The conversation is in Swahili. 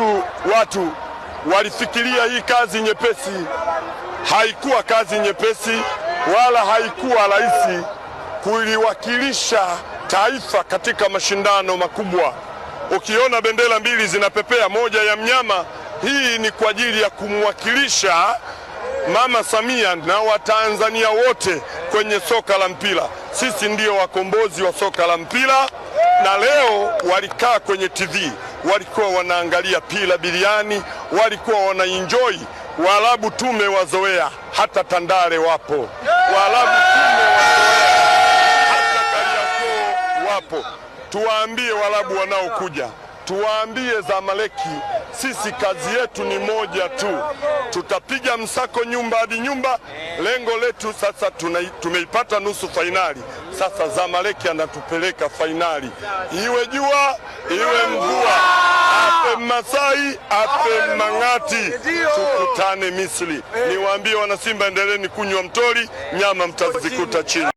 watu, watu walifikiria hii kazi nyepesi. Haikuwa kazi nyepesi wala haikuwa rahisi kuliwakilisha taifa katika mashindano makubwa. Ukiona bendera mbili zinapepea, moja ya mnyama, hii ni kwa ajili ya kumwakilisha Mama Samia na Watanzania wote kwenye soka la mpira. Sisi ndio wakombozi wa soka la mpira, na leo walikaa kwenye TV walikuwa wanaangalia pila biliani, walikuwa wanaenjoy. Waarabu tumewazoea, hata Tandale wapo Waarabu tumewazoea, hata wapo. Tuwaambie Waarabu wanaokuja, tuwaambie Zamaleki, sisi kazi yetu ni moja tu, tutapiga msako nyumba hadi nyumba. Lengo letu sasa, tumeipata nusu fainali, sasa Zamaleki anatupeleka fainali, iwe jua iwe mvua. Masai ape Mang'ati, tukutane Misri. Eh. Niwaambie Wanasimba, endeleeni kunywa mtori, eh. nyama mtazikuta chini.